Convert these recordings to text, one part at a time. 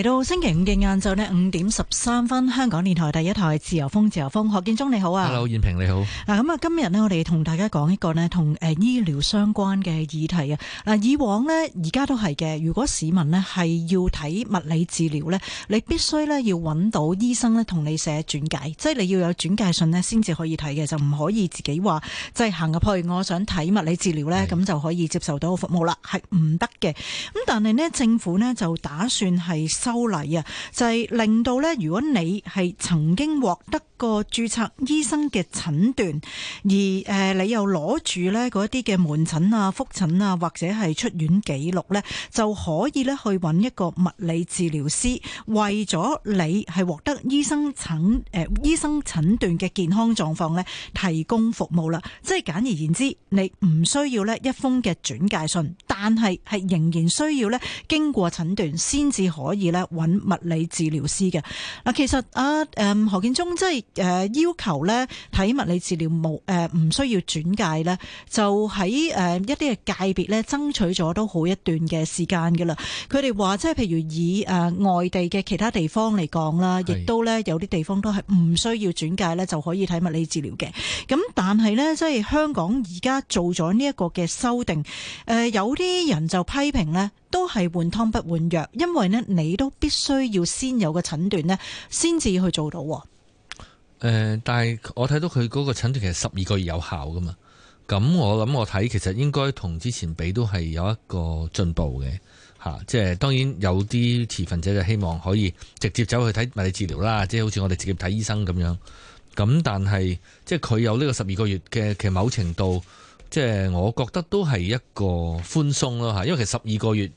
嚟到星期五嘅晏晝呢，五點十三分，香港電台第一台《自由風》，自由風，何建中你好啊！Hello，燕平你好。嗱，咁啊，今日呢，我哋同大家講一個呢，同誒醫療相關嘅議題啊。嗱，以往呢，而家都係嘅。如果市民呢係要睇物理治療呢，你必須呢要揾到醫生呢同你寫轉介，即係你要有轉介信呢先至可以睇嘅，就唔可以自己話即係行入去，我想睇物理治療呢，咁就可以接受到個服務啦，係唔得嘅。咁但係呢，政府呢就打算係。修例啊，就係令到咧，如果你係曾經獲得過註冊醫生嘅診斷，而誒你又攞住咧嗰一啲嘅門診啊、復診啊或者係出院記錄咧，就可以咧去揾一個物理治療師，為咗你係獲得醫生診誒醫生診斷嘅健康狀況咧提供服務啦。即係簡而言之，你唔需要咧一封嘅轉介信，但係係仍然需要咧經過診斷先至可以咧。揾物理治療師嘅嗱，其實啊，誒何建忠即係誒要求咧睇物理治療冇誒，唔需要轉介咧，就喺誒一啲嘅界別咧爭取咗都好一段嘅時間㗎喇。佢哋話即係譬如以誒外地嘅其他地方嚟講啦，亦都咧有啲地方都係唔需要轉介咧就可以睇物理治療嘅。咁但係咧，即係香港而家做咗呢一個嘅修訂，誒有啲人就批評咧。都係換湯不換藥，因為呢，你都必須要先有個診斷呢，先至去做到。誒、呃，但係我睇到佢嗰個診斷其實十二個月有效噶嘛，咁我諗我睇其實應該同之前比都係有一個進步嘅吓，即、啊、係、就是、當然有啲持份者就希望可以直接走去睇物理治療啦，即、就、係、是、好似我哋直接睇醫生咁樣。咁但係即係佢有呢個十二個月嘅，其實某程度即係、就是、我覺得都係一個寬鬆咯吓，因為其實十二個月。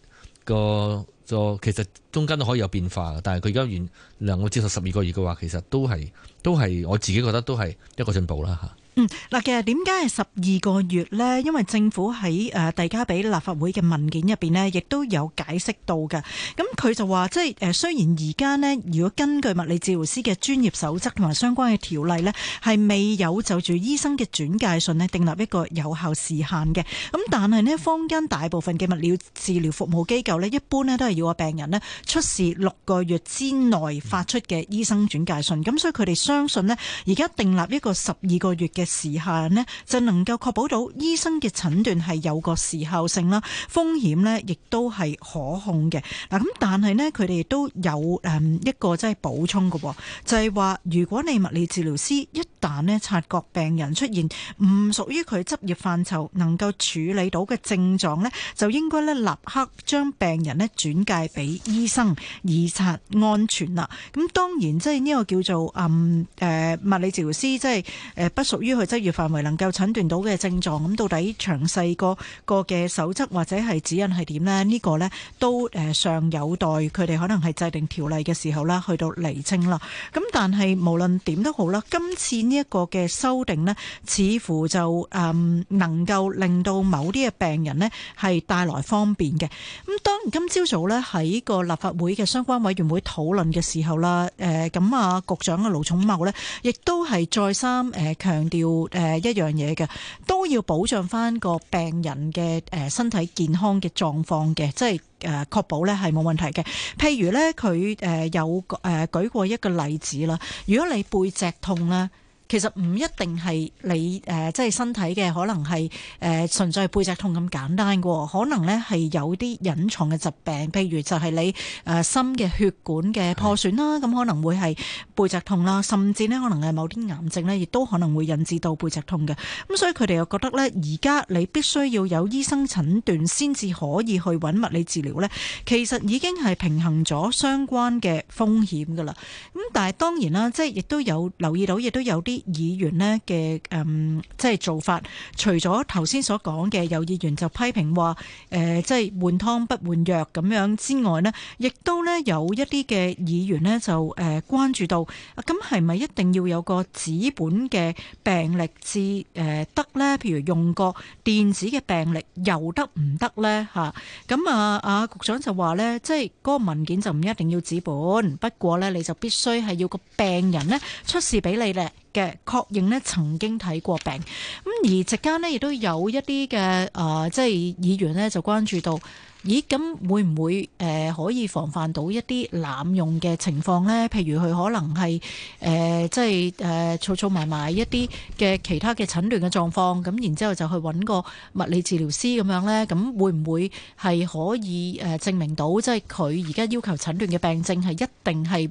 個個其實中間都可以有變化嘅，但係佢而家完兩個接受十二個月嘅話，其實都係都係我自己覺得都係一個進步啦吓。嗯，嗱，其實點解係十二個月咧？因為政府喺誒遞交俾立法會嘅文件入邊咧，亦都有解釋到嘅。咁佢就話：即係誒、呃，雖然而家咧，如果根據物理治療師嘅專業守則同埋相關嘅條例咧，係未有就住醫生嘅轉介信咧定立一個有效時限嘅。咁但係咧，坊間大部分嘅物理治療服務機構咧，一般咧都係要個病人咧出示六個月之內發出嘅醫生轉介信。咁所以佢哋相信咧，而家定立一個十二個月嘅。時限咧就能夠確保到醫生嘅診斷係有個時效性啦，風險咧亦都係可控嘅。嗱，咁但係咧佢哋都有誒一個即係補充嘅，就係、是、話如果你物理治療師一旦咧察覺病人出現唔屬於佢執業範疇能夠處理到嘅症狀咧，就應該咧立刻將病人咧轉介俾醫生以策安全啦。咁當然即係呢個叫做誒誒、嗯、物理治療師即係誒不屬於。佢職業範圍能夠診斷到嘅症狀，咁到底詳細個個嘅守則或者係指引係點咧？呢個咧都誒尚有待佢哋可能係制定條例嘅時候啦，去到釐清啦。咁但係無論點都好啦，今次呢一個嘅修訂咧，似乎就誒能夠令到某啲嘅病人咧係帶來方便嘅。咁當然今朝早咧喺個立法會嘅相關委員會討論嘅時候啦，誒咁啊，局長嘅盧寵茂咧，亦都係再三誒強調。要誒、呃、一樣嘢嘅，都要保障翻個病人嘅誒、呃、身體健康嘅狀況嘅，即係誒、呃、確保咧係冇問題嘅。譬如咧，佢誒有誒舉過一個例子啦，如果你背脊痛咧。其實唔一定係你，誒，即係身體嘅可能係誒、呃、純粹係背脊痛咁簡單嘅，可能呢係有啲隱藏嘅疾病，譬如就係你誒、呃、心嘅血管嘅破損啦，咁可能會係背脊痛啦，甚至呢可能係某啲癌症呢，亦都可能會引致到背脊痛嘅。咁所以佢哋又覺得呢，而家你必須要有醫生診斷先至可以去揾物理治療呢。其實已經係平衡咗相關嘅風險㗎啦。咁但係當然啦，即係亦都有留意到，亦都有啲。議員呢嘅誒，即係做法，除咗頭先所講嘅有議員就批評話，誒即係換湯不換藥咁樣之外呢，亦都呢有一啲嘅議員呢就誒關注到，咁係咪一定要有個紙本嘅病歷至誒得呢？譬如用個電子嘅病歷又得唔得呢？嚇，咁啊啊，局長就話呢，即係嗰個文件就唔一定要紙本，不過呢你就必須係要個病人呢出示俾你咧。嘅確認呢曾經睇過病咁，而直間呢亦都有一啲嘅即係議員呢就關注到，咦？咁會唔會誒可以防範到一啲濫用嘅情況呢？譬如佢可能係、呃、即係誒草草埋埋一啲嘅其他嘅診斷嘅狀況，咁然之後就去揾個物理治療師咁樣呢，咁會唔會係可以誒證明到即係佢而家要求診斷嘅病症係一定係？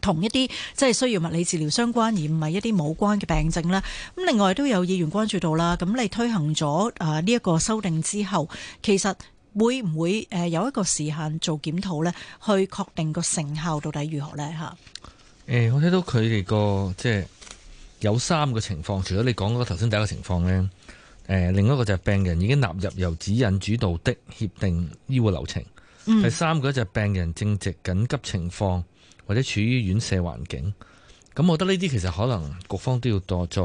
同一啲即係需要物理治療相關，而唔係一啲冇關嘅病症啦。咁另外都有議員關注到啦。咁你推行咗啊呢一個修訂之後，其實會唔會誒有一個時限做檢討咧？去確定個成效到底如何咧？嚇。誒，我睇到佢哋個即係有三個情況，除咗你講嗰個頭先第一個情況咧，誒另一個就係病人已經納入由指引主導的協定醫護流程。嗯。第三個就係病人正值緊急情況。或者處於院舍環境，咁我覺得呢啲其實可能局方都要多再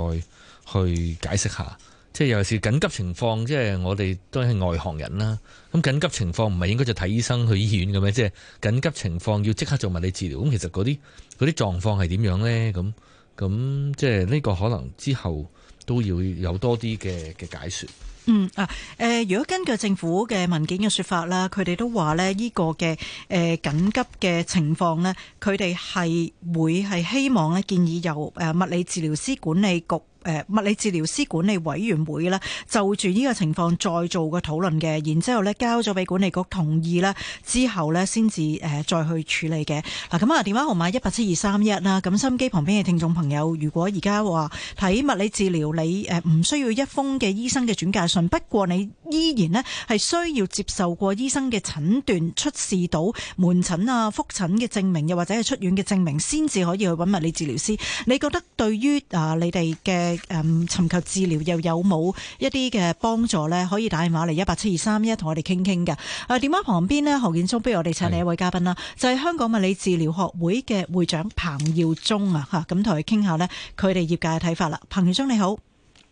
去解釋下，即係尤其是緊急情況，即係我哋都係外行人啦。咁緊急情況唔係應該就睇醫生去醫院嘅咩？即係緊急情況要即刻做物理治療。咁其實嗰啲啲狀況係點樣呢？咁咁即係呢個可能之後都要有多啲嘅嘅解説。嗯啊，誒，如果根據政府嘅文件嘅說法啦，佢哋都話咧呢個嘅誒緊急嘅情況咧，佢哋係會係希望咧建議由誒物理治療師管理局。誒，物理治療師管理委員會就住呢個情況再做個討論嘅，然之後呢交咗俾管理局同意呢，之後呢先至再去處理嘅。嗱、啊，咁啊電話號碼一八七二三一啦。咁心機旁邊嘅聽眾朋友，如果而家話睇物理治療，你唔需要一封嘅醫生嘅轉介信，不過你依然呢係需要接受過醫生嘅診斷，出示到門診啊、覆診嘅證明，又或者係出院嘅證明，先至可以去揾物理治療師。你覺得對於啊你哋嘅？誒、嗯，尋求治療又有冇一啲嘅幫助呢？可以打電話嚟一八七二三一同我哋傾傾㗎。啊，電話旁邊呢，何建忠，不如我哋請另一位嘉賓啦，就係、是、香港物理治療學會嘅會長彭耀宗啊。吓、啊，咁同佢傾下呢，佢哋業界嘅睇法啦。彭耀宗你好，誒、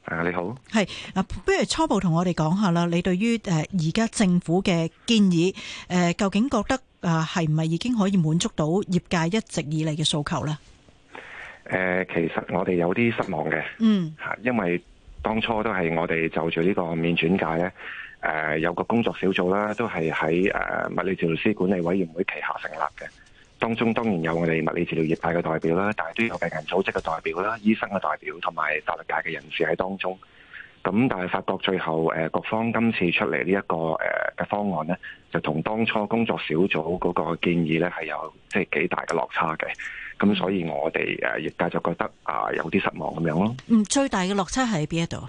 啊、你好，係、啊、不如初步同我哋講下啦，你對於誒而家政府嘅建議，誒、呃、究竟覺得啊係唔係已經可以滿足到業界一直以嚟嘅訴求呢？誒，其實我哋有啲失望嘅。嗯，因為當初都係我哋就住呢個免轉介咧，誒，有個工作小組啦，都係喺誒物理治療師管理委員會旗下成立嘅。當中當然有我哋物理治療業界嘅代表啦，但係都有病人組織嘅代表啦、醫生嘅代表，同埋法律界嘅人士喺當中。咁但係發覺最後誒，各方今次出嚟呢一個誒嘅方案咧，就同當初工作小組嗰個建議咧，係有即係幾大嘅落差嘅。咁所以我哋誒業界就覺得啊有啲失望咁樣咯。嗯，最大嘅落差喺邊一度？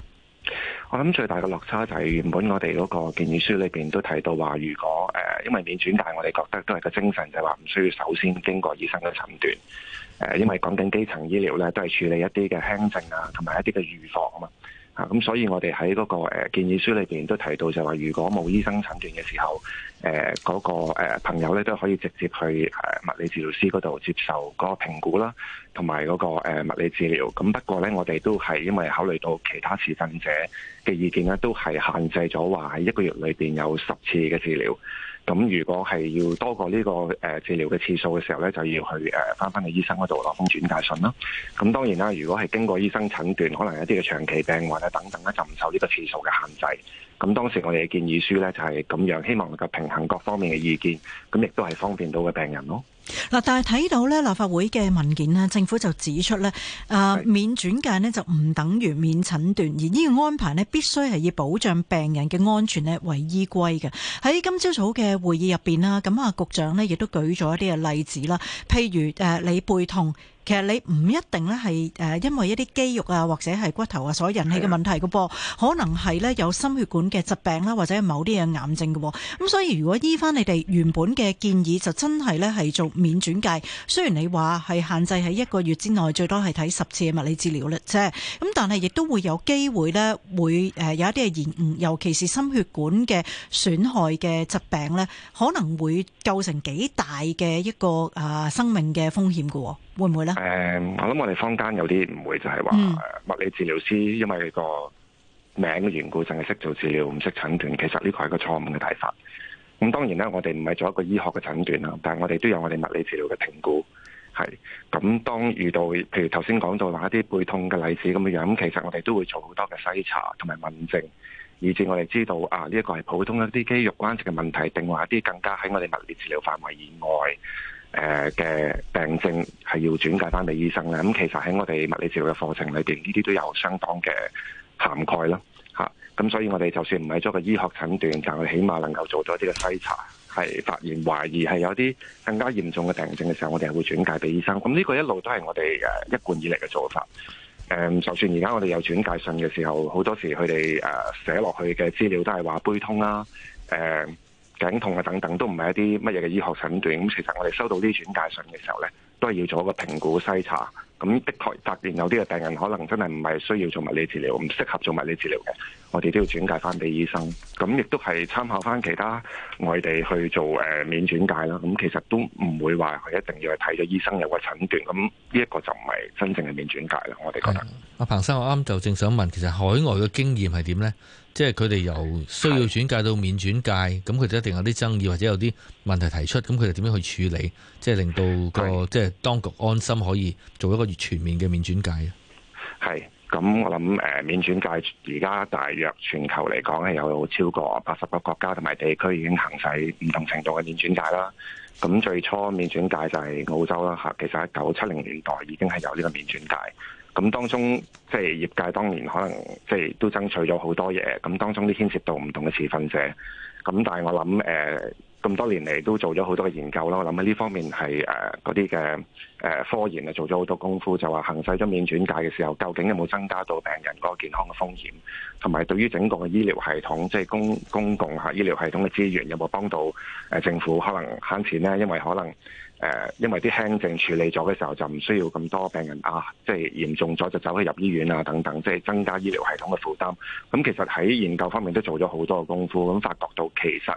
我諗最大嘅落差就係原本我哋嗰個建議書裏邊都提到話，如果誒、呃、因為免轉介，我哋覺得都係個精神就係話唔需要首先經過醫生嘅診斷。誒、呃，因為講緊基層醫療咧，都係處理一啲嘅輕症啊，同埋一啲嘅預防啊嘛。咁所以我哋喺嗰個建議書裏邊都提到，就話如果冇醫生診斷嘅時候，誒、那、嗰個朋友咧都可以直接去物理治療師嗰度接受嗰個評估啦，同埋嗰個物理治療。咁不過咧，我哋都係因為考慮到其他持份者嘅意見咧，都係限制咗話喺一個月裏邊有十次嘅治療。咁如果係要多過呢個誒治療嘅次數嘅時候咧，就要去誒返返去醫生嗰度攞封轉介信啦。咁當然啦，如果係經過醫生診斷，可能有啲嘅長期病患啊等等咧，就唔受呢個次數嘅限制。咁當時我哋嘅建議書咧就係、是、咁樣，希望能夠平衡各方面嘅意見，咁亦都係方便到嘅病人咯。嗱，但係睇到呢立法會嘅文件呢，政府就指出呢，誒、呃，免轉介呢就唔等於免診斷，而呢個安排呢必須係以保障病人嘅安全呢為依歸嘅。喺今朝早嘅會議入邊啦，咁啊局長呢亦都舉咗一啲嘅例子啦，譬如誒，你背痛。其實你唔一定咧，係誒因為一啲肌肉啊，或者係骨頭啊所引起嘅問題嘅噃，可能係咧有心血管嘅疾病啦，或者是某啲嘅癌症嘅。咁所以如果依翻你哋原本嘅建議，就真係咧係做免轉介。雖然你話係限制喺一個月之內最多係睇十次嘅物理治療咧啫，咁但係亦都會有機會咧，會誒有一啲係延誤，尤其是心血管嘅損害嘅疾病咧，可能會構成幾大嘅一個、啊、生命嘅風險嘅。會唔會咧？誒、嗯，我諗我哋坊間有啲唔會，就係話物理治療師因為個名嘅緣故，淨係識做治療，唔識診斷。其實呢個係個錯誤嘅睇法。咁、嗯、當然啦，我哋唔係做一個醫學嘅診斷啦，但係我哋都有我哋物理治療嘅評估。係咁、嗯，當遇到譬如頭先講到話一啲背痛嘅例子咁嘅樣，其實我哋都會做好多嘅篩查同埋問證，以至我哋知道啊呢一個係普通一啲肌肉關節嘅問題，定話一啲更加喺我哋物理治療範圍以外誒嘅病症係要轉介翻俾醫生，咁其實喺我哋物理治療嘅課程裏邊，呢啲都有相當嘅涵蓋啦吓，咁所以我哋就算唔係做個醫學診斷，但係起碼能夠做多啲嘅篩查，係發現懷疑係有啲更加嚴重嘅病症嘅時候，我哋係會轉介俾醫生。咁呢個一路都係我哋誒一貫以嚟嘅做法。誒，就算而家我哋有轉介信嘅時候，好多時佢哋誒寫落去嘅資料都係話背痛啦，誒。頸痛啊等等都唔係一啲乜嘢嘅醫學診斷，咁其實我哋收到呢轉介信嘅時候呢，都係要做一個評估篩查。咁的確，突然有啲嘅病人可能真係唔係需要做物理治療，唔適合做物理治療嘅，我哋都要轉介翻俾醫生。咁亦都係參考翻其他外地去做誒、呃、免轉介啦。咁其實都唔會話係一定要係睇咗醫生有個診斷。咁呢一個就唔係真正嘅免轉介啦。我哋覺得阿彭生，我啱就正想問，其實海外嘅經驗係點呢？即係佢哋由需要轉介到免轉介，咁佢哋一定有啲爭議或者有啲問題提出，咁佢哋點樣去處理？即係令到個即係當局安心可以做一個越全面嘅免轉介。係，咁我諗誒免轉介而家大約全球嚟講係，有超過八十個國家同埋地區已經行使唔同程度嘅免轉介啦。咁最初免轉介就係澳洲啦，嚇，其實喺九七零年代已經係有呢個免轉介。咁當中即係業界當年可能即係都爭取咗好多嘢，咁當中都牽涉到唔同嘅持份者。咁但係我諗呃，咁多年嚟都做咗好多嘅研究啦。我諗喺呢方面係誒嗰啲嘅誒科研啊，做咗好多功夫，就話行使咗免轉介嘅時候，究竟有冇增加到病人個健康嘅風險，同埋對於整個嘅醫療系統，即係公公共嘅醫療系統嘅資源，有冇幫到誒政府可能慳錢咧？因為可能。誒，因為啲輕症處理咗嘅時候就唔需要咁多病人啊，即係嚴重咗就走去入醫院啊等等，即係增加醫療系統嘅負擔。咁其實喺研究方面都做咗好多嘅功夫，咁發覺到其實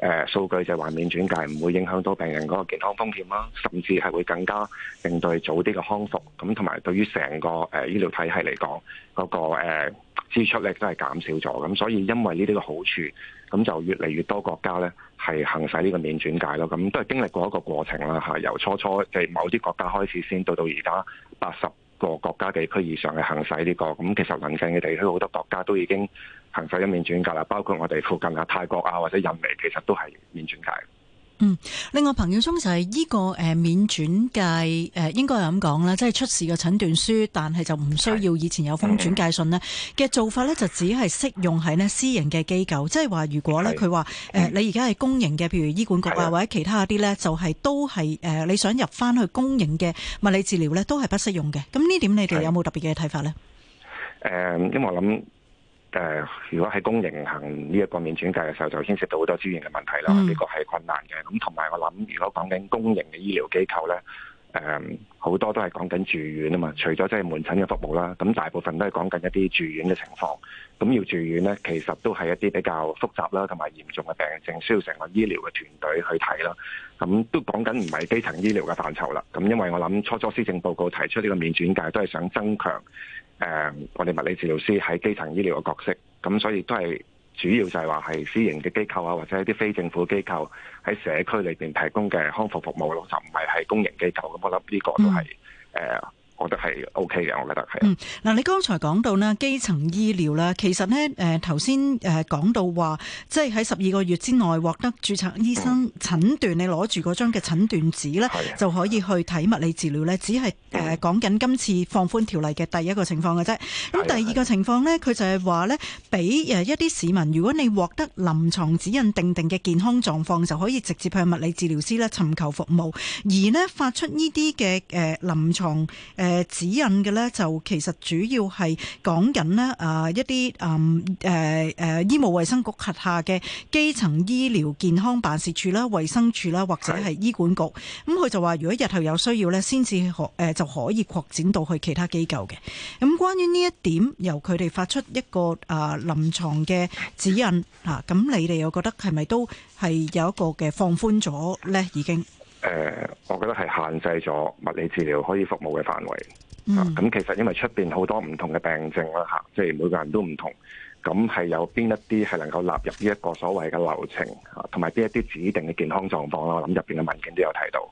誒數據就係話免轉介唔會影響到病人嗰個健康風險啦，甚至係會更加應對早啲嘅康復。咁同埋對於成個誒醫療體系嚟講，嗰個誒支出呢都係減少咗。咁所以因為呢啲嘅好處。咁就越嚟越多國家咧，係行使呢個免轉介咯。咁都係經歷過一個過程啦，吓由初初即係、就是、某啲國家開始先，到到而家八十個國家地區以上係行使呢、這個。咁其實臨近嘅地區好多國家都已經行使咗免轉介啦，包括我哋附近啊泰國啊或者印尼，其實都係免轉介。嗯，另外彭耀宗就係呢、這個誒、呃、免轉介誒、呃，應該係咁講啦，即係出示個診斷書，但係就唔需要以前有封轉介信呢嘅做法咧，就只係適用喺呢私人嘅機構，即係話如果咧佢話誒你而家係公營嘅，譬如醫管局啊或者其他啲咧、就是，就係都係誒你想入翻去公營嘅物理治療咧，都係不適用嘅。咁呢點你哋有冇特別嘅睇法呢？誒、嗯，因為我諗。誒，如果喺公營行呢一個面轉介嘅時候，就牽涉到好多資源嘅問題啦，呢個係困難嘅。咁同埋我諗，如果講緊公營嘅醫療機構咧，誒、嗯，好多都係講緊住院啊嘛。除咗即係門診嘅服務啦，咁大部分都係講緊一啲住院嘅情況。咁要住院咧，其實都係一啲比較複雜啦，同埋嚴重嘅病症，需要成個醫療嘅團隊去睇啦。咁都講緊唔係基層醫療嘅範疇啦。咁因為我諗，初初施政報告提出呢個面轉介，都係想增強，誒、uh，我哋物理治療師喺基層醫療嘅角色，咁所以都係主要就係話係私營嘅機構啊，或者係啲非政府機構喺社區裏邊提供嘅康復服務咯，就唔係係公營機構。咁我覺得呢個都係誒。嗯我覺得係 OK 嘅，我覺得係。嗯，嗱、啊，你剛才講到呢，基層醫療啦，其實呢，誒頭先誒講到話，即係喺十二個月之內獲得註冊醫生診斷，嗯、你攞住嗰張嘅診斷紙呢，就可以去睇物理治療呢，只係誒、呃、講緊今次放寬條例嘅第一個情況嘅啫。咁第二個情況呢，佢就係話呢，俾誒一啲市民，如果你獲得臨床指引定定嘅健康狀況，就可以直接向物理治療師呢尋求服務，而呢發出呢啲嘅誒臨床。誒、呃。指引嘅呢，就其實主要係講緊呢，啊一啲啊誒誒，醫務衛生局轄下嘅基層醫療健康辦事處啦、衛生處啦，或者係醫管局。咁佢就話，如果日後有需要呢，先至可誒就可以擴展到去其他機構嘅。咁關於呢一點，由佢哋發出一個啊臨床嘅指引啊，咁你哋又覺得係咪都係有一個嘅放寬咗呢？已經。誒、呃，我覺得係限制咗物理治療可以服務嘅範圍。咁、嗯啊、其實因為出邊好多唔同嘅病症啦吓，即係每個人都唔同，咁係有邊一啲係能夠納入呢一個所謂嘅流程，同埋邊一啲指定嘅健康狀況啦。我諗入邊嘅文件都有提到。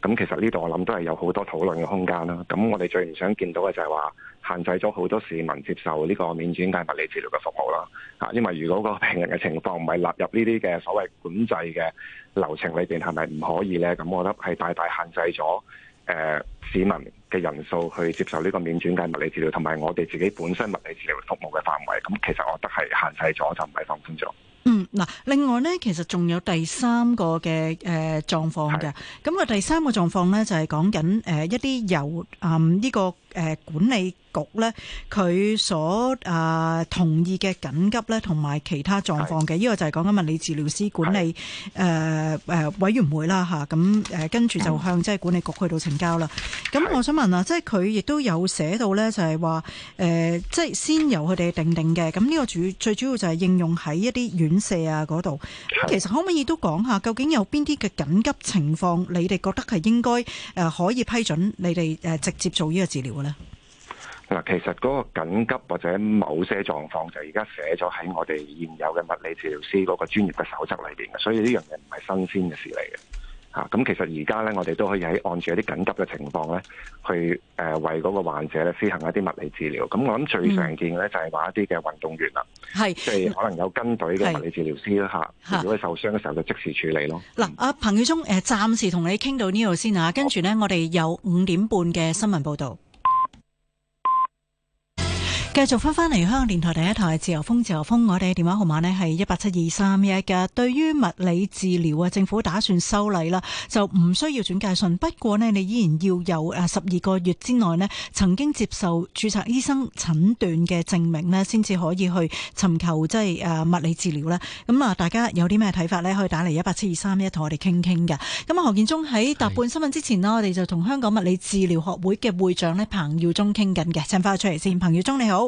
咁其實呢度我諗都係有好多討論嘅空間啦。咁我哋最唔想見到嘅就係話，限制咗好多市民接受呢個免轉介物理治療嘅服務啦、啊。因為如果個病人嘅情況唔係納入呢啲嘅所謂管制嘅。流程裏邊係咪唔可以呢？咁我覺得係大大限制咗，誒、呃、市民嘅人數去接受呢個免轉介物理治療，同埋我哋自己本身物理治療服務嘅範圍。咁其實我覺得係限制咗，就唔係放寬咗。嗯，嗱，另外呢，其實仲有第三個嘅誒狀況嘅。咁、呃、啊，狀況那個、第三個狀況呢，就係講緊誒一啲由嗯呢個誒、呃、管理。局咧，佢所啊同意嘅緊急咧，同埋其他狀況嘅，呢、這個就係講緊物理治療師管理誒誒、呃呃、委員會啦吓，咁、啊、誒跟住就向即係管理局去到呈交啦。咁我想問啊，即係佢亦都有寫到咧，就係話誒，即係先由佢哋定定嘅。咁呢個主最主要就係應用喺一啲院舍啊嗰度。咁其實可唔可以都講下，究竟有邊啲嘅緊急情況，你哋覺得係應該誒、呃、可以批准你哋誒、呃、直接做呢個治療嘅咧？嗱，其實嗰個緊急或者某些狀況，就而家寫咗喺我哋現有嘅物理治療師嗰個專業嘅守則裏邊嘅，所以呢樣嘢唔係新鮮嘅事嚟嘅。吓、啊，咁其實而家咧，我哋都可以喺按住一啲緊急嘅情況咧，去、呃、誒為嗰個患者咧施行一啲物理治療。咁我諗最常見嘅咧就係話一啲嘅運動員啦，係即係可能有跟隊嘅物理治療師啦，吓、啊，如果受傷嘅時候就即時處理咯。嗱、啊，阿彭耀宗，誒、呃，暫時同你傾到呢度先啊，啊。跟住咧，我哋有五點半嘅新聞報道。繼續翻翻嚟，香港電台第一台《自由風》，自由風，我哋嘅電話號碼呢係一八七二三一嘅。對於物理治療啊，政府打算修例啦，就唔需要轉介信，不過呢，你依然要有誒十二個月之內呢曾經接受註冊醫生診斷嘅證明呢，先至可以去尋求即係誒物理治療啦。咁啊，大家有啲咩睇法呢？可以打嚟一八七二三一同我哋傾傾嘅。咁啊，何建宗喺答半新聞之前呢，我哋就同香港物理治療學會嘅會長呢彭耀宗傾緊嘅。請返出嚟先，彭耀宗你好。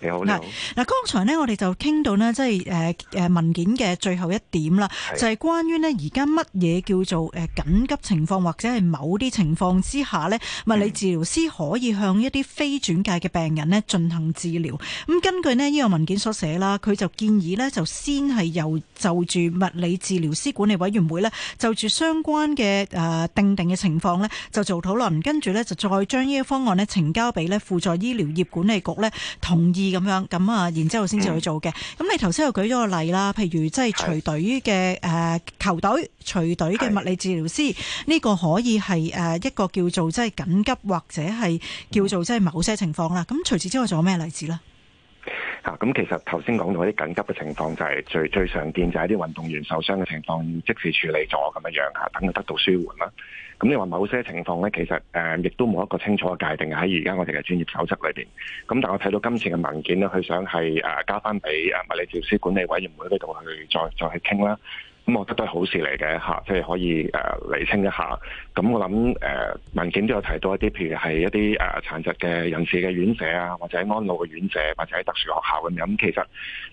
你好嗱嗱，剛才咧我哋就傾到咧，即係誒誒文件嘅最後一點啦，就係、是、關於咧而家，乜嘢叫做誒緊急情況或者係某啲情況之下咧，物理治療師可以向一啲非轉介嘅病人咧進行治療，咁根據咧呢個文件所寫啦，佢就建議咧就先係由就住物理治療師管理委員會咧就住相關嘅誒定定嘅情況咧就做討論，跟住咧就再將呢個方案咧呈交俾咧輔助醫療業管理局咧同意。咁樣咁啊，然之後先至去做嘅。咁、嗯、你頭先又舉咗個例啦，譬如即係隨隊嘅誒球隊，隨隊嘅物理治療師呢、這個可以係誒一個叫做即係緊急或者係叫做即係某些情況啦。咁、嗯、除此之外仲有咩例子呢？啊，咁其實頭先講到一啲緊急嘅情況就係最最常見就係啲運動員受傷嘅情況即時處理咗咁樣樣吓，等佢得到舒緩啦。咁你話某些情況咧，其實亦都冇一個清楚嘅界定喺而家我哋嘅專業守則裏面。咁但我睇到今次嘅文件咧，佢想係誒交翻俾物理治療師管理委員會嗰度去再再，再去傾啦。咁我覺得都係好事嚟嘅吓，即係可以誒釐、呃、清一下。咁我諗誒，文、呃、件都有提到一啲，譬如係一啲誒殘疾嘅人士嘅院舍啊，或者安老嘅院舍，或者喺特殊學校咁樣。咁、嗯、其實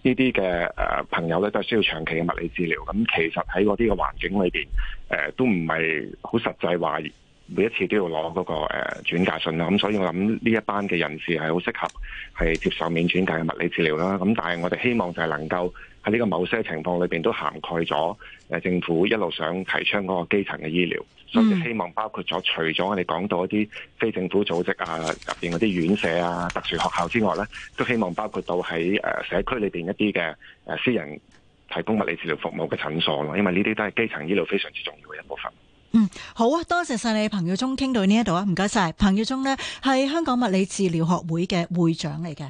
呢啲嘅誒朋友咧，都係需要長期嘅物理治療。咁、嗯、其實喺嗰啲嘅環境裏面，誒、呃、都唔係好實際話每一次都要攞嗰、那個誒、呃、轉介信啦。咁、嗯、所以我諗呢一班嘅人士係好適合係接受免轉介嘅物理治療啦。咁、嗯、但係我哋希望就係能夠，喺呢個某些情況裏邊都涵蓋咗誒政府一路想提倡嗰個基層嘅醫療、嗯，所以希望包括咗除咗我哋講到一啲非政府組織啊，入邊嗰啲院舍啊、特殊學校之外咧，都希望包括到喺誒社區裏邊一啲嘅誒私人提供物理治療服務嘅診所咯，因為呢啲都係基層醫療非常之重要嘅一部分。嗯，好啊，多謝晒你彭耀宗傾到呢一度啊，唔該晒。彭耀宗呢係香港物理治療學會嘅會長嚟嘅。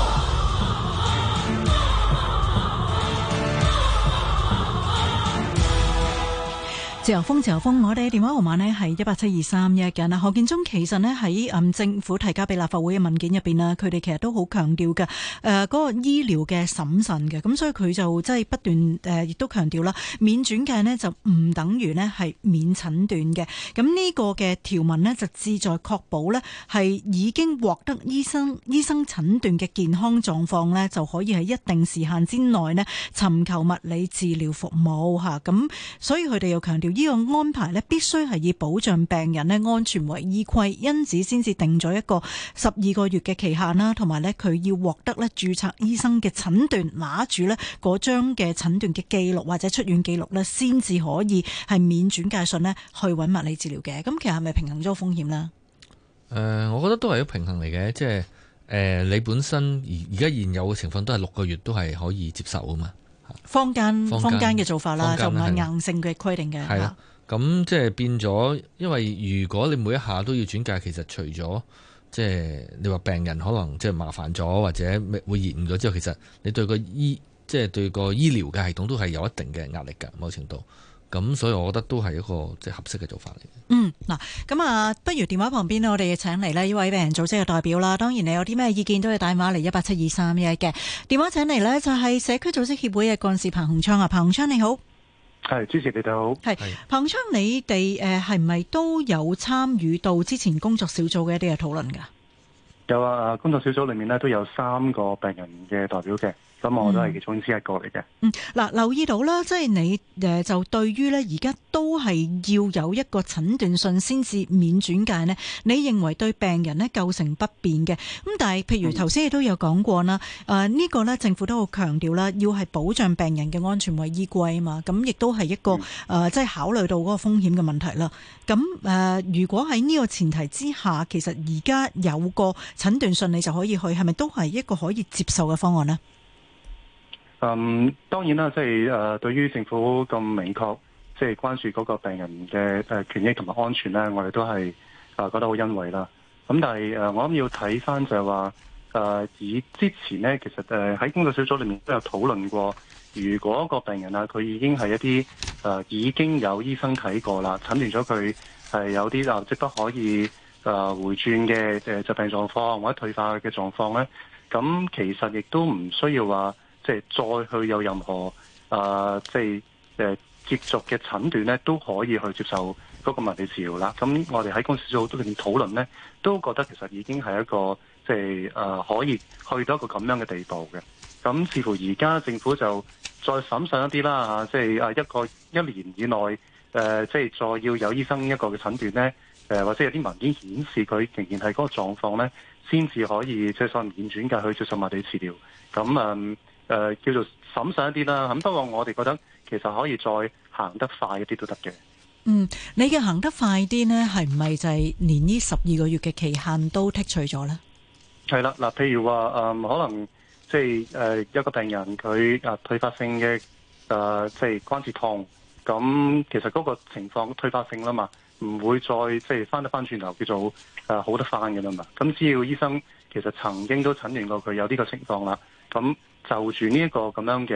自由風，自由風，我哋嘅電話號碼呢係一八七二三一嘅。何建忠其實呢喺政府提交俾立法會嘅文件入邊呢，佢哋其實都好強調嘅，誒嗰個醫療嘅審慎嘅，咁所以佢就即係不斷誒，亦都強調啦，免轉介呢就唔等於呢係免診斷嘅。咁呢個嘅條文呢，就旨在確保呢係已經獲得醫生醫生診斷嘅健康狀況呢，就可以喺一定時限之內呢尋求物理治療服務嚇。咁所以佢哋又強調。呢、這個安排咧，必須係以保障病人咧安全為依歸，因此先至定咗一個十二個月嘅期限啦，同埋咧佢要獲得咧注冊醫生嘅診斷，拿住咧嗰張嘅診斷嘅記錄或者出院記錄咧，先至可以係免轉介信咧去揾物理治療嘅。咁其實係咪平衡咗風險咧？誒、呃，我覺得都係一個平衡嚟嘅，即係、呃、你本身而家現有嘅情況都係六個月都係可以接受啊嘛。坊間坊間嘅做法啦，就唔係硬性嘅規定嘅。係啦，咁即係變咗，因為如果你每一下都要轉介，其實除咗即係你話病人可能即係麻煩咗，或者會延誤咗之後，其實你對個醫即係、就是、對個醫療嘅系統都係有一定嘅壓力㗎，某程度。咁所以，我覺得都係一個即係合適嘅做法嚟嘅。嗯，嗱，咁啊，不如電話旁邊，我哋請嚟咧，呢位病人組織嘅代表啦。當然，你有啲咩意見都要打電話嚟一八七二三一嘅電話請嚟呢，就係社區組織協會嘅幹事彭鴻昌啊，彭鴻昌你好，係主持，你哋好，係彭鴻昌，你哋誒係唔係都有參與到之前工作小組嘅一啲嘅討論噶？有啊，工作小組裡面呢，都有三個病人嘅代表嘅。咁我都係其中之一個嚟嘅。嗯，嗱、啊，留意到啦，即、就、係、是、你誒，就對於呢而家都係要有一個診斷信先至免轉介呢，你認為對病人呢，構成不便嘅？咁但係，譬如頭先亦都有講過啦，誒、嗯、呢、啊這個呢，政府都好強調啦，要係保障病人嘅安全為依歸啊嘛。咁亦都係一個誒，即、嗯、係、啊就是、考慮到嗰個風險嘅問題啦。咁、啊、誒，如果喺呢個前提之下，其實而家有一個診斷信，你就可以去，係咪都係一個可以接受嘅方案呢？嗯，當然啦，即係誒對於政府咁明確，即、就、係、是、關注嗰個病人嘅誒權益同埋安全咧，我哋都係啊、呃、覺得好欣慰啦。咁、嗯、但係誒、呃，我諗要睇翻就係話誒，以之前咧，其實誒喺、呃、工作小組裏面都有討論過，如果嗰個病人啊，佢已經係一啲誒、啊、已經有醫生睇過啦，診斷咗佢係有啲啊即不可以誒、啊、回轉嘅誒疾病狀況或者退化嘅狀況咧，咁其實亦都唔需要話。即、就、係、是、再去有任何啊，即係誒接續嘅診斷咧，都可以去接受嗰個物理治療啦。咁我哋喺公司做好多討論咧，都覺得其實已經係一個即係誒可以去到一個咁樣嘅地步嘅。咁似乎而家政府就再審慎一啲啦，即係啊、就是、一個一年以內誒，即、啊、係、就是、再要有醫生一個嘅診斷咧、啊，或者有啲文件顯示佢仍然係嗰個狀況咧，先至可以即係作免轉介去接受物理治療。咁嗯。誒、呃，叫做審慎一啲啦。咁不過我哋覺得其實可以再行得快一啲都得嘅。嗯，你嘅行得快啲咧，係唔係就係連呢十二個月嘅期限都剔除咗咧？係啦，嗱，譬如話誒、呃，可能即係誒、呃，一個病人佢誒、呃，退化性嘅誒，即係關節痛，咁其實嗰個情況退化性啦嘛，唔會再即係翻得翻轉頭叫做誒好得翻嘅啦嘛。咁只要醫生其實曾經都診斷過佢有呢個情況啦，咁。就住呢一個咁樣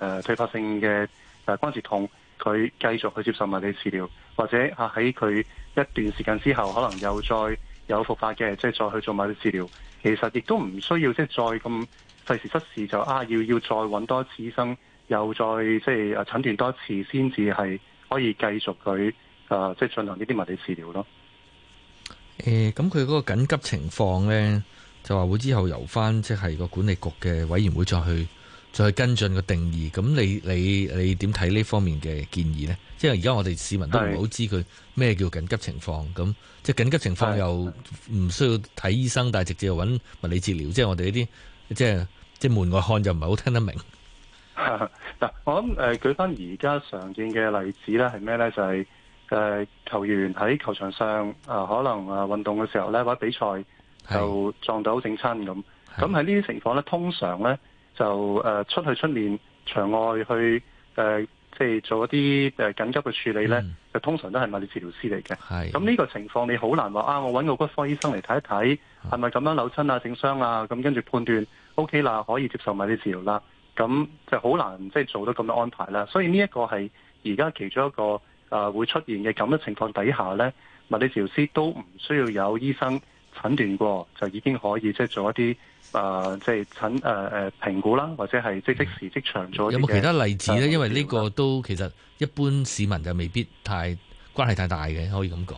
嘅退化性嘅誒、呃、關節痛，佢繼續去接受物理治療，或者啊喺佢一段時間之後，可能又再有復發嘅，即係再去做物理治療。其實亦都唔需要即係再咁費時失事，就啊，要要再搵多次醫生，又再即係診斷多次先至係可以繼續佢誒、啊、即係進行呢啲物理治療咯。誒、欸，咁佢嗰個緊急情況咧？就話會之後由翻即係個管理局嘅委員會再去再去跟進個定義。咁你你你點睇呢方面嘅建議呢？即係而家我哋市民都唔係好知佢咩叫緊急情況。咁即係緊急情況又唔需要睇醫生，但係直接揾物理治療。即係我哋呢啲即係即係門外漢，就唔係好聽得明。嗱， 我諗、呃、舉翻而家常見嘅例子呢係咩呢？就係、是呃、球員喺球場上、呃、可能誒、呃、運動嘅時候呢，或者比賽，就撞到整親咁，咁喺呢啲情況呢，通常呢就誒、呃、出去出面場外去誒，即、呃、係、就是、做一啲誒緊急嘅處理呢、嗯、就通常都係物理治療師嚟嘅。咁呢個情況你好難話啊，我揾個骨科醫生嚟睇一睇，係咪咁樣扭親啊、整傷啊？咁跟住判斷 O K 啦，可以接受物理治療啦。咁就好難即係、就是、做到咁樣安排啦。所以呢一個係而家其中一個誒、呃、會出現嘅咁嘅情況底下呢，物理治療師都唔需要有醫生診斷過，就已經可以即係做一啲誒即係診誒誒評估啦，或者係即即時即場咗、嗯。有冇其他例子咧、呃？因為呢個都其實一般市民就未必太關係太大嘅，可以咁講。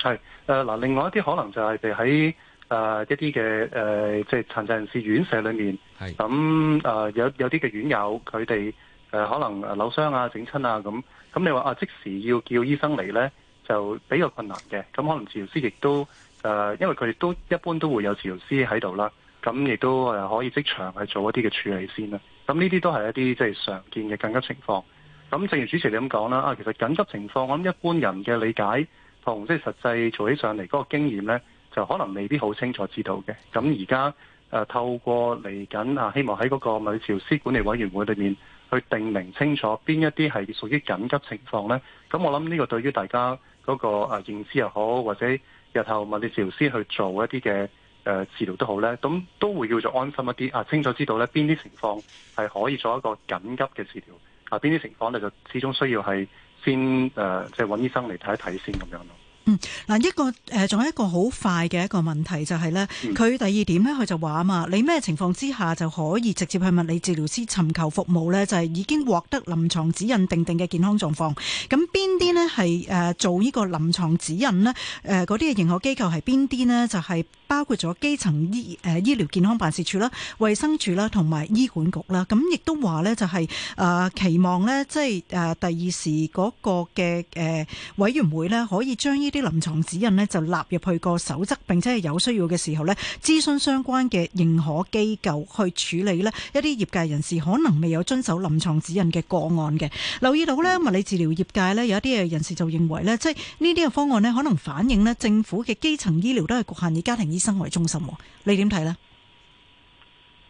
係誒嗱，另外一啲可能就係譬如喺誒一啲嘅誒即係殘疾人士院舍裏面，咁誒、呃、有有啲嘅院友佢哋誒可能扭傷啊、整親啊咁，咁你話啊即時要叫醫生嚟咧？就比較困難嘅，咁可能治療師亦都誒、呃，因為佢哋都一般都會有治療師喺度啦，咁亦都可以即場去做一啲嘅處理先啦。咁呢啲都係一啲即係常見嘅緊急情況。咁正如主席你咁講啦，啊其實緊急情況，我諗一般人嘅理解同即係實際做起上嚟嗰個經驗呢，就可能未必好清楚知道嘅。咁而家透過嚟緊啊，希望喺嗰個物理治療師管理委員會裏面去定明清楚邊一啲係屬於緊急情況呢。咁我諗呢個對於大家。嗰個誒認知又好，或者日後物理治療師去做一啲嘅誒治療都好咧，咁都會叫做安心一啲啊，清楚知道咧邊啲情況係可以做一個緊急嘅治療，啊邊啲情況你就始終需要係先誒，即係搵醫生嚟睇一睇先咁樣咯。嗯，嗱，一個誒仲有一個好快嘅一個問題就係咧，佢第二點咧，佢就話啊嘛，你咩情況之下就可以直接去物理治療師尋求服務咧？就係已經獲得臨床指引定定嘅健康狀況，咁邊啲咧係誒做呢個臨床指引咧？誒啲嘅認可機構係邊啲咧？就係包括咗基層醫誒醫療健康辦事處啦、衛生署啦、同埋醫管局啦。咁亦都話咧，就係誒期望咧，即係誒第二時個嘅誒委員會咧，可以將呢。啲臨床指引呢，就納入去個守則，並且係有需要嘅時候呢，諮詢相關嘅認可機構去處理呢一啲業界人士可能未有遵守臨床指引嘅個案嘅。留意到呢，物理治療業界呢，有一啲嘅人士就認為呢，即係呢啲嘅方案呢，可能反映呢政府嘅基層醫療都係局限以家庭醫生為中心。你點睇呢？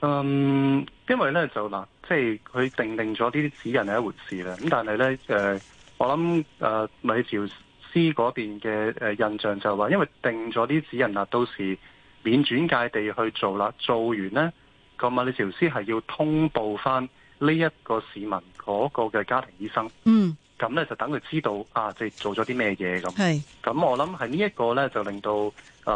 嗯，因為呢，就嗱，即係佢定定咗呢啲指引係一回事啦。咁但係呢，誒、呃，我諗誒物理治療。呃就是知嗰邊嘅誒印象，就話，因為定咗啲指引啦，到時免轉介地去做啦，做完呢個物理治療師係要通報翻呢一個市民嗰個嘅家庭醫生，嗯，咁呢就等佢知道啊，即係做咗啲咩嘢咁。係，咁我諗係呢一個呢，就令到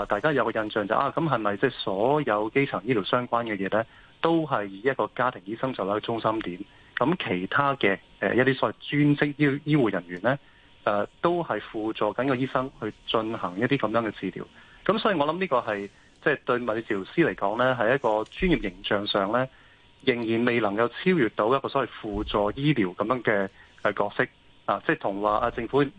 大家有個印象就啊，咁係咪即係所有基層醫療相關嘅嘢呢，都係以一個家庭醫生作為一個中心點？咁其他嘅誒一啲所謂專職醫醫護人員呢。誒都係輔助緊個醫生去進行一啲咁樣嘅治療，咁所以我諗呢個係即係對物理治療師嚟講呢係一個專業形象上呢，仍然未能夠超越到一個所謂輔助醫療咁樣嘅誒角色啊！即係同話啊，政府誒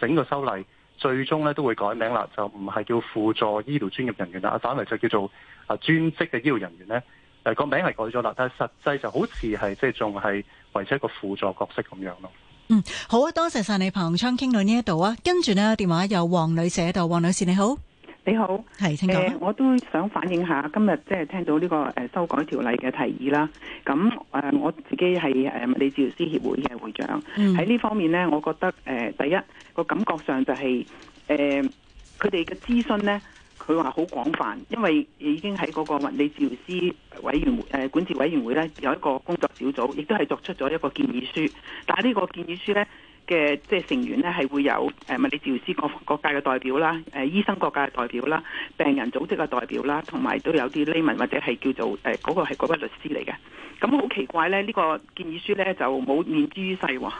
整個修例最終呢都會改名啦，就唔係叫輔助醫療專業人員啦，啊反為就叫做啊專職嘅醫療人員呢。誒、啊、個名係改咗啦，但係實際就好似係即係仲係維持一個輔助角色咁樣咯。嗯，好啊，多謝晒你彭昌，傾到呢一度啊。跟住呢電話有黃女士喺度，黃女士你好，你好，係，請講、呃、我都想反映一下今日即係聽到呢個誒修改條例嘅提議啦。咁誒、呃，我自己係誒物理治療師協會嘅會長，喺、嗯、呢方面呢，我覺得誒、呃，第一個感覺上就係、是、誒，佢哋嘅諮詢呢。佢話好廣泛，因為已經喺嗰個物理治療師委員會誒管治委員會咧有一個工作小組，亦都係作出咗一個建議書。但係呢個建議書咧嘅即係成員咧係會有誒物理治療師各各界嘅代表啦、誒醫生各界嘅代表啦、病人組織嘅代表啦，同埋都有啲 layman 或者係叫做誒嗰、嗰個係嗰班律師嚟嘅。咁好奇怪咧，呢、呢個建議書咧就冇面諸於世，唔、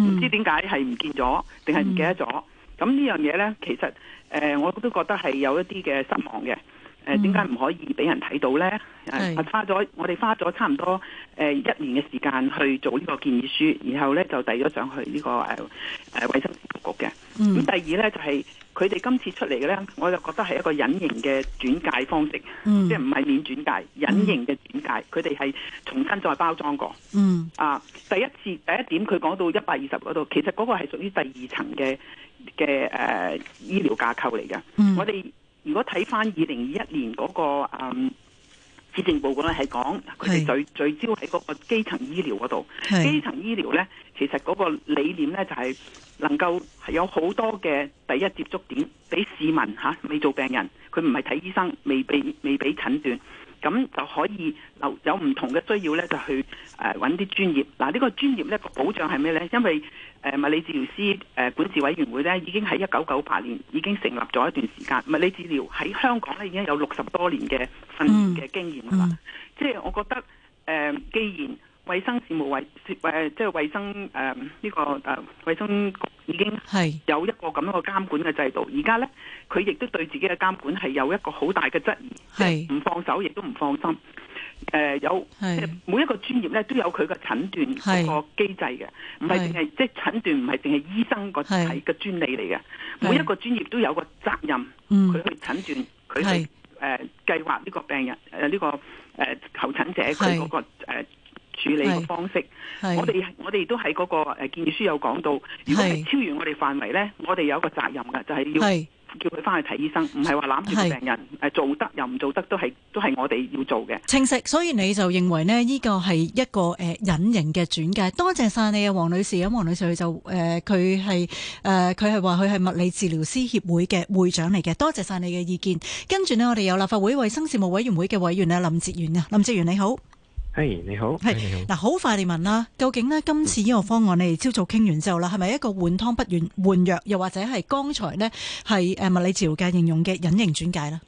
mm. 知點解係唔見咗定係唔記得咗？Mm. 咁呢樣嘢呢，其實、呃、我都覺得係有一啲嘅失望嘅。點解唔可以俾人睇到呢？誒花咗我哋花咗差唔多一年嘅時間去做呢個建議書，然後呢就遞咗上去呢、呢個誒生衞生局嘅。咁、mm. 第二呢，就係佢哋今次出嚟嘅呢，我就覺得係一個隱形嘅轉介方式，即係唔係免轉介，隱形嘅轉介。佢哋係重新再包裝過。嗯、mm. 啊，第一次第一點佢講到一百二十嗰度，其實嗰個係屬於第二層嘅。嘅誒、呃、醫療架構嚟嘅、嗯，我哋如果睇翻二零二一年嗰、嗰個指制定報告咧，係講佢哋聚聚焦喺嗰個基層醫療嗰度。基層醫療咧，其實嗰個理念咧就係能夠有好多嘅第一接觸點俾市民嚇，未做病人，佢唔係睇醫生，未被未俾診斷。咁就可以留有有唔同嘅需要咧，就去誒揾啲專業。嗱、啊、呢、呢個專業咧個保障係咩咧？因為物、啊、理治療師誒、啊、管治委員會咧已經喺一九九八年已經成立咗一段時間。物理治療喺香港咧已經有六十多年嘅訓練嘅經驗啦、嗯嗯。即係我覺得、啊、既然衛生事務衛誒即係衛生誒呢、呃這個誒、呃、衛生局已經有一個咁樣嘅監管嘅制度，而家咧佢亦都對自己嘅監管係有一個好大嘅質疑，唔放手亦都唔放心。誒、呃、有即係每一個專業咧都有佢嘅診斷嗰個機制嘅，唔係淨係即係診斷唔係淨係醫生個係嘅專利嚟嘅，每一個專業都有一個責任，佢、嗯、去診斷佢去誒計劃呢個病人誒呢、呃這個誒、呃、求診者佢嗰、那個、呃處理嘅方式，我哋我哋都喺嗰個建議書有講到，如果係超越我哋範圍咧，我哋有一個責任嘅，就係、係、要叫佢翻去睇醫生，唔係話攬住病人做得又唔做得都係都係我哋要做嘅清晰。所以你就認為呢呢個係一個誒、呃、隱形嘅轉介。多謝晒你啊，王女士。咁王女士佢就誒佢係誒佢係話佢係物理治療師協會嘅會長嚟嘅。多謝晒你嘅意見。跟住呢，我哋有立法會衛生事務委員會嘅委員啊，林哲玄啊，林哲玄你好。係、hey，你好，係、hey，嗱，好快你問啦，究竟呢，今次呢個方案，你哋朝早傾完之後啦，係咪一個換湯不換換藥，又或者係剛才呢，係誒物理治療應用嘅隱形轉介啦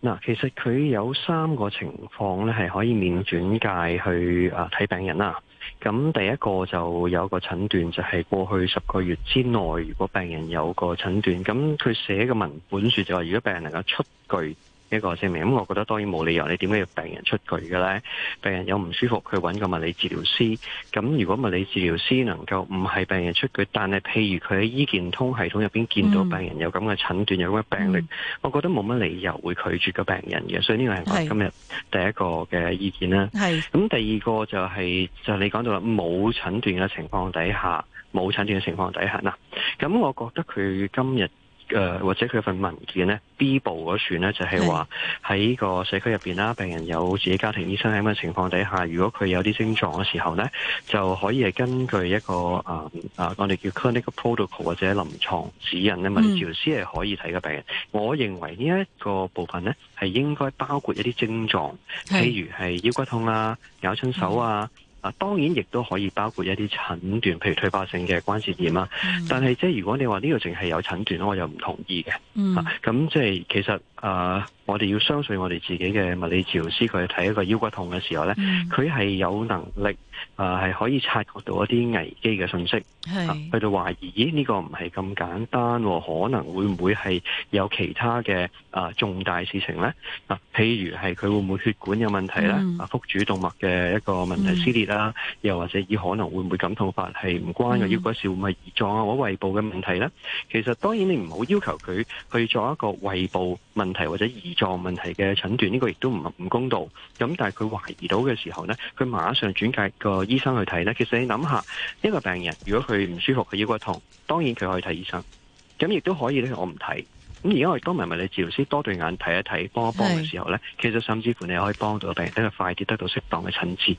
嗱，其實佢有三個情況咧，係可以免轉介去啊睇病人啦。咁第一個就有個診斷，就係過去十個月之內，如果病人有個診斷，咁佢寫嘅文本說就話，如果病人能夠出具。一個證明，咁我覺得當然冇理由，你點解要病人出具嘅咧？病人有唔舒服，佢揾個物理治療師。咁如果物理治療師能夠唔係病人出具，但係譬如佢喺醫健通系統入邊見到病人有咁嘅診斷，有咁嘅病歷，我覺得冇乜理由會拒絕個病人嘅。所以呢個係我今日第一個嘅意見啦。咁第二個就係，係，就係你講到啦，冇診斷嘅情況底下，冇診斷嘅情況底下啦。咁我覺得佢今日。誒、呃、或者佢份文件咧，B 部嗰段咧就係話喺個社區入邊啦，病人有自己家庭醫生喺咁嘅情況底下，如果佢有啲症狀嘅時候咧，就可以係根據一個啊，我、呃、哋、呃、叫 clinical protocol 或者臨床指引啊，物理治療師係可以睇嘅病人。Mm. 我認為呢一個部分咧係應該包括一啲症狀，譬如係腰骨痛啊、咬親手啊。Mm. 啊，當然亦都可以包括一啲診斷，譬如退化性嘅關節炎啦。但係即係如果你話呢個淨係有診斷，我又唔同意嘅。咁即係其實啊。呃我哋要相信我哋自己嘅物理治療師，佢睇一個腰骨痛嘅時候咧，佢、嗯、係有能力誒係、呃、可以察覺到一啲危機嘅信息、啊，去到懷疑呢、這個唔係咁簡單、哦，可能會唔會係有其他嘅啊、呃、重大事情咧？啊，譬如係佢會唔會血管有問題呢、嗯、啊，腹主動脈嘅一個問題撕裂啦、嗯，又或者以可能會唔會感痛法係唔關個腰骨事、嗯，會唔會移狀啊？我胃部嘅問題呢其實當然你唔好要，要求佢去做一個胃部問題或者移。個問題嘅診斷呢個亦都唔唔公道，咁但係佢懷疑到嘅時候呢，佢馬上轉介個醫生去睇呢，其實你諗下，一個病人如果佢唔舒服，佢腰骨痛，當然佢可以睇醫生，咁亦都可以咧，我唔睇。咁而家我哋多埋物理治療師多對眼睇一睇，幫一幫嘅時候呢，其實甚至乎你可以幫到病人，等佢快啲得到適當嘅診治。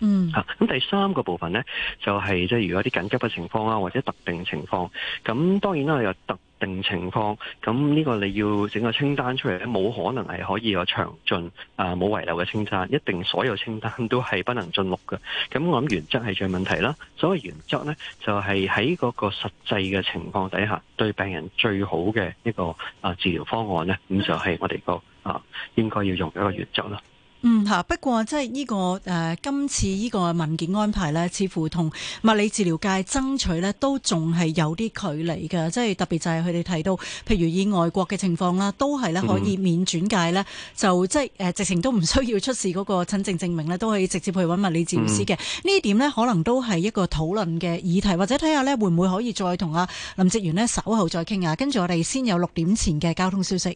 嗯、咁、啊、第三個部分呢，就係即係如果啲緊急嘅情況啊，或者特定情況，咁當然啦，有特。定情況，咁呢個你要整個清單出嚟咧，冇可能係可以有詳盡啊，冇、呃、遺留嘅清單，一定所有清單都係不能進錄嘅。咁我諗原則係最問題啦。所謂原則呢，就係喺嗰個實際嘅情況底下，對病人最好嘅一個啊治療方案呢，咁就係我哋個啊應該要用嘅一個原則啦。嗯，不過即係呢、這個誒、呃、今次呢個文件安排呢，似乎同物理治療界爭取呢都仲係有啲距離嘅。即係特別就係佢哋提到，譬如以外國嘅情況啦，都係咧可以免轉介呢、嗯、就即係、呃、直情都唔需要出示嗰個診症證明呢，都可以直接去揾物理治療師嘅。呢、嗯、點呢可能都係一個討論嘅議題，或者睇下呢會唔會可以再同阿林哲玄呢稍後再傾下。跟住我哋先有六點前嘅交通消息。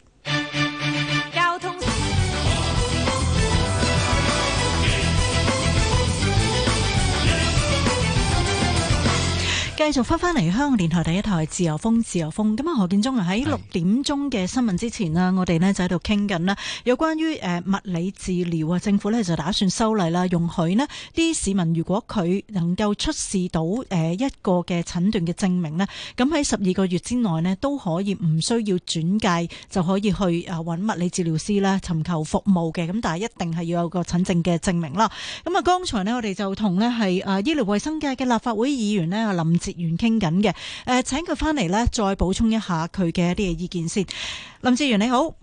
繼續翻翻嚟香港電台第一台自由風，自由風。咁啊，何建宗啊喺六點鐘嘅新聞之前呢，我哋呢就喺度傾緊啦，有關於誒物理治療啊，政府呢就打算修例啦，容許呢啲市民如果佢能夠出示到誒一個嘅診斷嘅證明呢，咁喺十二個月之內呢都可以唔需要轉介就可以去誒揾物理治療師啦，尋求服務嘅。咁但係一定係要有個診症嘅證明啦。咁啊，剛才呢我哋就同呢係誒醫療衛生界嘅立法會議員呢。林哲。員傾緊嘅，誒，請佢翻嚟咧，再補充一下佢嘅一啲嘅意見先。林哲玄你好。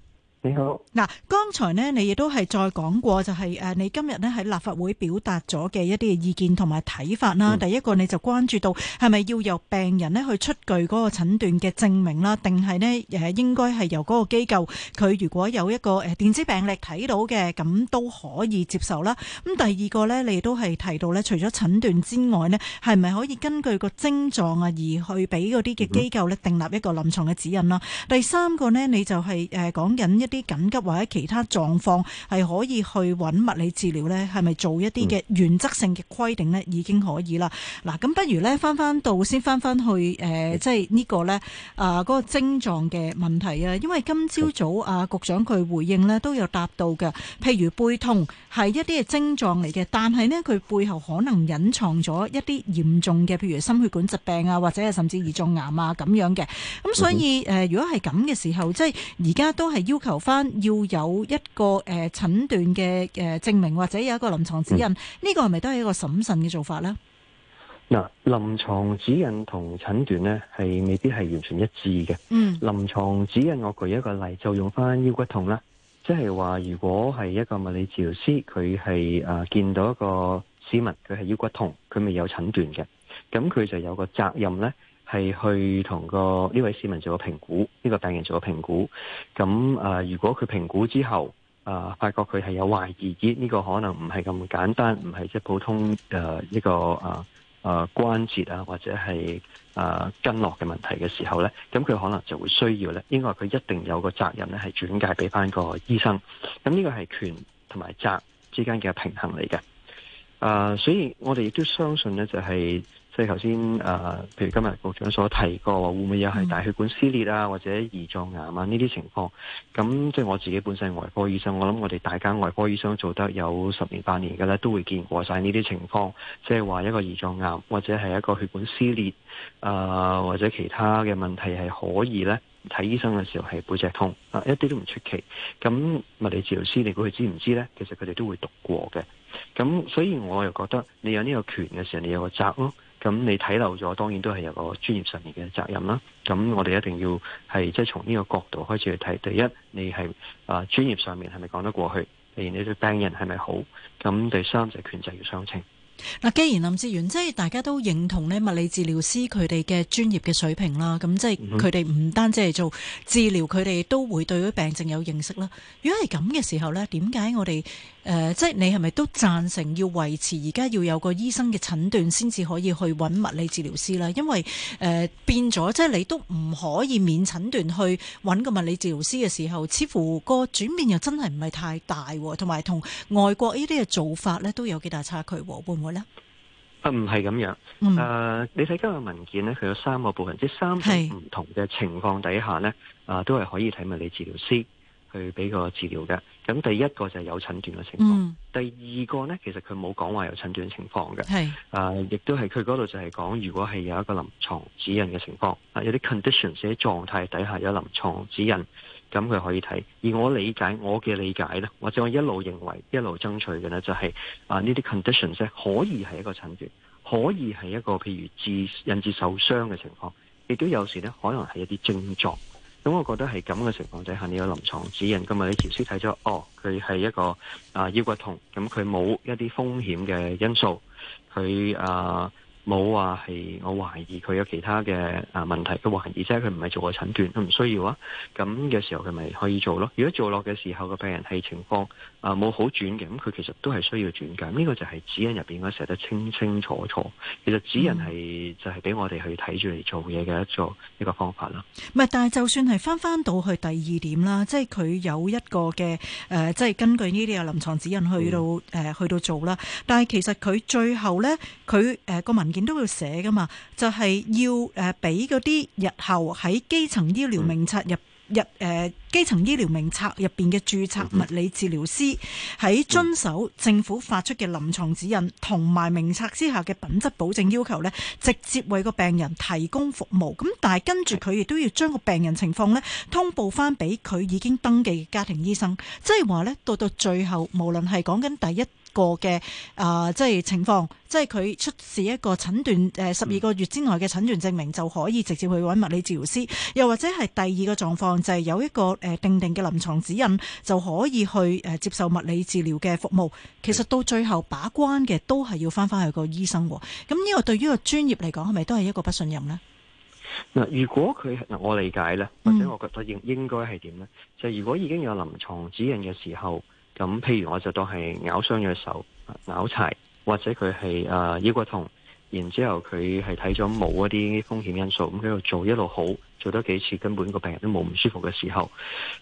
你好嗱，剛才咧你亦都係再講過，就係、是、誒你今日咧喺立法會表達咗嘅一啲嘅意見同埋睇法啦、嗯。第一個你就關注到係咪要由病人咧去出具嗰個診斷嘅證明啦，定係咧誒應該係由嗰個機構佢如果有一個誒電子病歷睇到嘅，咁都可以接受啦。咁第二個咧，你亦都係提到咧，除咗診斷之外咧，係咪可以根據個症狀啊而去俾嗰啲嘅機構咧訂立一個臨床嘅指引啦？第三個咧，你就係誒講緊一啲。啲緊急或者其他狀況係可以去揾物理治療呢，係咪做一啲嘅原則性嘅規定呢？已經可以啦。嗱，咁不如呢，翻翻到先，翻翻去誒，即係呢、這個呢，啊、呃，嗰、那個症狀嘅問題啊。因為今朝早，早啊，局長佢回應呢都有答到嘅，譬如背痛係一啲嘅症狀嚟嘅，但係呢，佢背後可能隱藏咗一啲嚴重嘅，譬如心血管疾病啊，或者係甚至係胰臟癌啊咁樣嘅。咁所以誒、呃，如果係咁嘅時候，即係而家都係要求。翻要有一個誒診斷嘅誒證明，或者有一個臨床指引，呢個係咪都係一個審慎嘅做法呢？嗱，臨床指引同診斷呢，係未必係完全一致嘅。嗯，臨床指引我舉一個例，就用翻腰骨痛啦，即係話如果係一個物理治療師，佢係誒見到一個市民，佢係腰骨痛，佢未有診斷嘅，咁佢就有個責任呢。係去同個呢位市民做個評估，呢、這個病人做個評估。咁誒，如果佢評估之後，誒、呃、發覺佢係有懷疑嘅，呢、這個可能唔係咁簡單，唔係即係普通誒一個誒誒關節啊，或者係誒筋絡嘅問題嘅時候咧，咁佢可能就會需要咧，應該佢一定有個責任咧，係轉介俾翻個醫生。咁呢個係權同埋責之間嘅平衡嚟嘅。誒、呃，所以我哋亦都相信咧，就係、是。即係頭先，誒、呃，譬如今日局長所提過，話會唔會又係大血管撕裂啊，或者胰臟癌啊呢啲情況？咁即係我自己本身外科醫生，我諗我哋大家外科醫生做得有十年八年嘅咧，都會見過晒呢啲情況。即係話一個胰臟癌，或者係一個血管撕裂，啊、呃，或者其他嘅問題係可以咧睇醫生嘅時候係背脊痛啊，一啲都唔出奇。咁物理治療師，你估佢知唔知咧？其實佢哋都會讀過嘅。咁所以我又覺得，你有呢個權嘅時候，你有個責咯。咁你睇漏咗，當然都係有個專業上面嘅責任啦。咁我哋一定要係即係從呢個角度開始去睇。第一，你係啊專業上面係咪講得過去？第二，你對病人係咪好？咁第三就係、是、權責要相稱。嗱，既然林哲玄即係大家都認同呢物理治療師佢哋嘅專業嘅水平啦，咁即係佢哋唔單止係做治療，佢哋都會對啲病症有認識啦。如果係咁嘅時候呢，點解我哋？誒、呃，即係你係咪都贊成要維持而家要有個醫生嘅診斷先至可以去揾物理治療師啦？因為誒、呃、變咗，即係你都唔可以免診斷去揾個物理治療師嘅時候，似乎個轉變又真係唔係太大，哦，同埋同外國呢啲嘅做法呢，都有幾大差距，哦，會唔會呢？啊，唔係咁樣。誒、嗯呃，你睇今日文件呢，佢有三個部分，即係三個唔同嘅情況底下呢，啊、呃，都係可以睇物理治療師。去俾個治療嘅，咁第一個就係有診斷嘅情況，嗯，第二個呢，其實佢冇講話有診斷情況嘅，係，亦、啊、都係佢嗰度就係講，如果係有一個臨床指引嘅情況，啊，有啲 conditions 喺狀態底下有臨床指引，咁佢可以睇。而我理解，我嘅理解呢，或者我一路認為一路爭取嘅呢，就係、是、啊呢啲 conditions 可以係一個診斷，可以係一個，一個譬如致引致受傷嘅情況，亦都有時呢，可能係一啲症狀。咁、嗯、我覺得係咁嘅情況底下，你個臨床指引今日你醫師睇咗，哦，佢係一個啊、呃、腰骨痛，咁佢冇一啲風險嘅因素，佢啊。呃冇話係我懷疑佢有其他嘅啊問題，佢懷疑啫，佢唔係做個診斷，佢唔需要啊。咁嘅時候佢咪可以做咯。如果做落嘅時候個病人係情況啊冇好轉嘅，咁佢其實都係需要轉介。呢、那個就係指引入邊應該寫得清清楚楚。其實指引係就係、是、俾我哋去睇住嚟做嘢嘅一個一個方法啦。唔、嗯、係，但係就算係翻翻到去第二點啦，即係佢有一個嘅誒、呃，即係根據呢啲嘅臨床指引去到誒、呃、去到做啦。但係其實佢最後咧，佢誒個文，點都要寫噶嘛？就係、是、要誒，俾嗰啲日後喺基層醫療名冊入入誒、呃，基層醫療名冊入邊嘅註冊物理治療師喺遵守政府發出嘅臨床指引同埋名冊之下嘅品質保證要求咧，直接為個病人提供服務。咁但係跟住佢亦都要將個病人情況咧通報翻俾佢已經登記嘅家庭醫生，即係話咧到到最後，無論係講緊第一。個嘅啊、呃，即係情況，即係佢出示一個診斷誒，十、呃、二個月之內嘅診斷證明、嗯、就可以直接去揾物理治療師，又或者係第二個狀況就係、是、有一個誒定定嘅臨床指引就可以去誒接受物理治療嘅服務。其實到最後把關嘅都係要翻翻去個醫生喎。咁呢個對於個專業嚟講，係咪都係一個不信任呢？嗱，如果佢我理解呢，或者我覺得應、嗯、應該係點呢？就如果已經有臨床指引嘅時候。咁譬如我就當係咬傷咗手咬柴，或者佢係誒腰骨痛，然之後佢係睇咗冇一啲風險因素，咁佢度做一路好，做多幾次根本個病人都冇唔舒服嘅時候。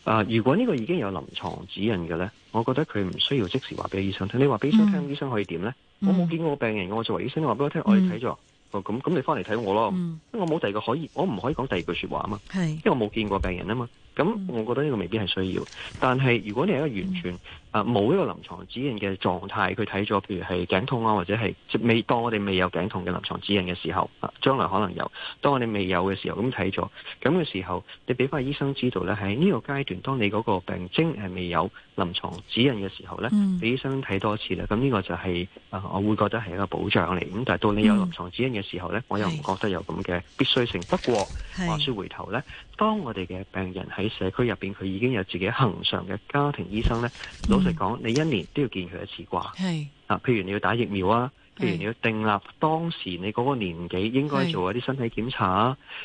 啊、呃，如果呢個已經有臨床指引嘅咧，我覺得佢唔需要即時話俾醫，醫生聽。你話俾醫生聽，醫生可以點咧、嗯？我冇見過個病人，我作為醫生話俾我聽，嗯、我哋睇咗，咁咁你翻嚟睇我咯，嗯、因為我冇第二個可以，我唔可以講第二句說話啊嘛，因為我冇見過病人啊嘛。咁、嗯，我覺得呢個未必係需要。但係如果你係、嗯啊、一個完全冇一個臨床指引嘅狀態，佢睇咗，譬如係頸痛啊，或者係未當我哋未有頸痛嘅臨床指引嘅時候，啊，將來可能有。當我哋未有嘅時候，咁睇咗，咁嘅時候，你俾翻醫生知道咧，喺呢個階段，當你嗰個病徵係未有臨床指引嘅時候咧，俾、嗯、醫生睇多次咧，咁呢個就係、是啊、我會覺得係一個保障嚟。咁但係到你有臨床指引嘅時候咧，我又唔覺得有咁嘅必須性、嗯。不過話說回頭咧，當我哋嘅病人係喺社區入邊，佢已經有自己恒常嘅家庭醫生咧。老實講，你一年都要見佢一次啩。係啊，譬如你要打疫苗啊。譬如你要訂立當時你嗰個年紀應該做一啲身體檢查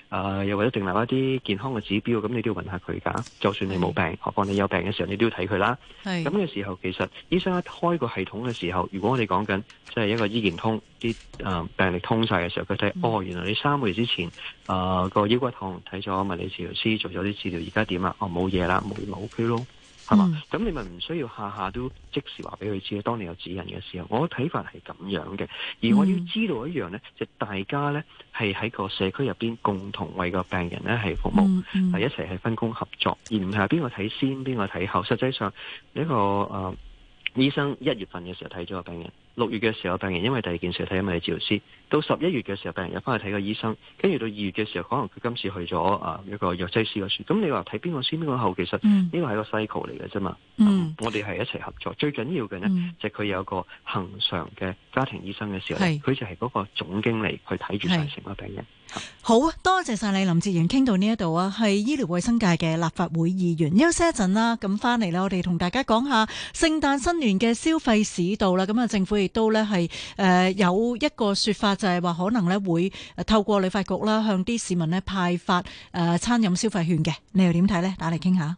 啊、呃，又或者訂立一啲健康嘅指標，咁你都要問下佢噶。就算你冇病，何況你有病嘅時候，你都要睇佢啦。咁嘅時候，其實醫生一開個系統嘅時候，如果我哋講緊即係一個醫健通啲誒病歷通晒嘅時候，佢睇、嗯、哦原來你三個月之前誒個、呃、腰骨痛睇咗物理治療師做咗啲治療，而家點啊？哦冇嘢啦，冇冇 OK 咯。係嘛？咁、嗯、你咪唔需要下下都即時話俾佢知，當你有指引嘅時候，我睇法係咁樣嘅。而我要知道一樣呢、嗯，就是、大家呢係喺個社區入邊共同為個病人呢係服務，係、嗯嗯、一齊係分工合作，而唔係邊個睇先邊個睇後。實際上，一、這個誒、呃、醫生一月份嘅時候睇咗個病人。六月嘅時候，病人因為第二件事睇緊物理治療師，到十一月嘅時候，病人又翻去睇個醫生，跟住到二月嘅時候，可能佢今次去咗啊一個藥劑師嘅處。咁你話睇邊個先邊個後室，其實呢個係個 cycle 嚟嘅啫嘛。我哋係一齊合作，最緊要嘅呢，嗯、就佢、是、有個恒常嘅家庭醫生嘅時候，佢就係嗰個總經理去睇住成個病人。啊、好多謝晒你林哲玄，傾到呢一度啊，係醫療衛生界嘅立法會議員，休息一陣啦，咁翻嚟咧，我哋同大家講下聖誕新年嘅消費市道啦。咁啊，政府亦都咧，係誒，有一個說法就係話可能咧，會透過旅發局啦，向啲市民咧派發誒餐飲消費券嘅，你又點睇咧？打嚟傾下。